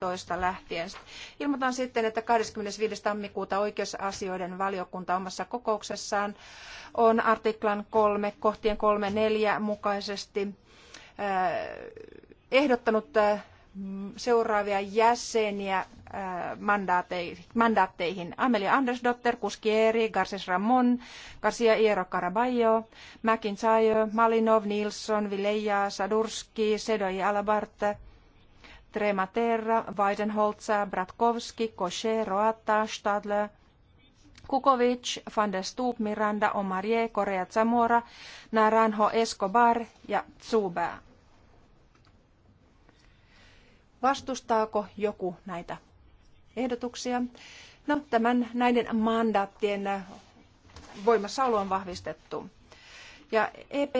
2015 lähtien. Ilmoitan sitten, että 25. tammikuuta oikeusasioiden valiokunta omassa kokouksessaan on artiklan 3 kohtien 3.4 mukaisesti äh, ehdottanut äh, seuraavia jäseniä äh, mandaatteihin. Amelia Andersdotter, Kuskieri, Garces Ramon, Garcia Iero Caraballo, McIntyre, Malinov, Nilsson, Vileja, Sadurski, Sedoi Alabarte, Trematerra, Weidenholzer, Bratkowski, Kosher, Roatta, Stadler, Kukovic, Van der Stoop, Miranda, Omarie, Korea Zamora, Naranjo Escobar ja Zubää. Vastustaako joku näitä ehdotuksia? No, tämän näiden mandaattien voimassaolo on vahvistettu. Ja EP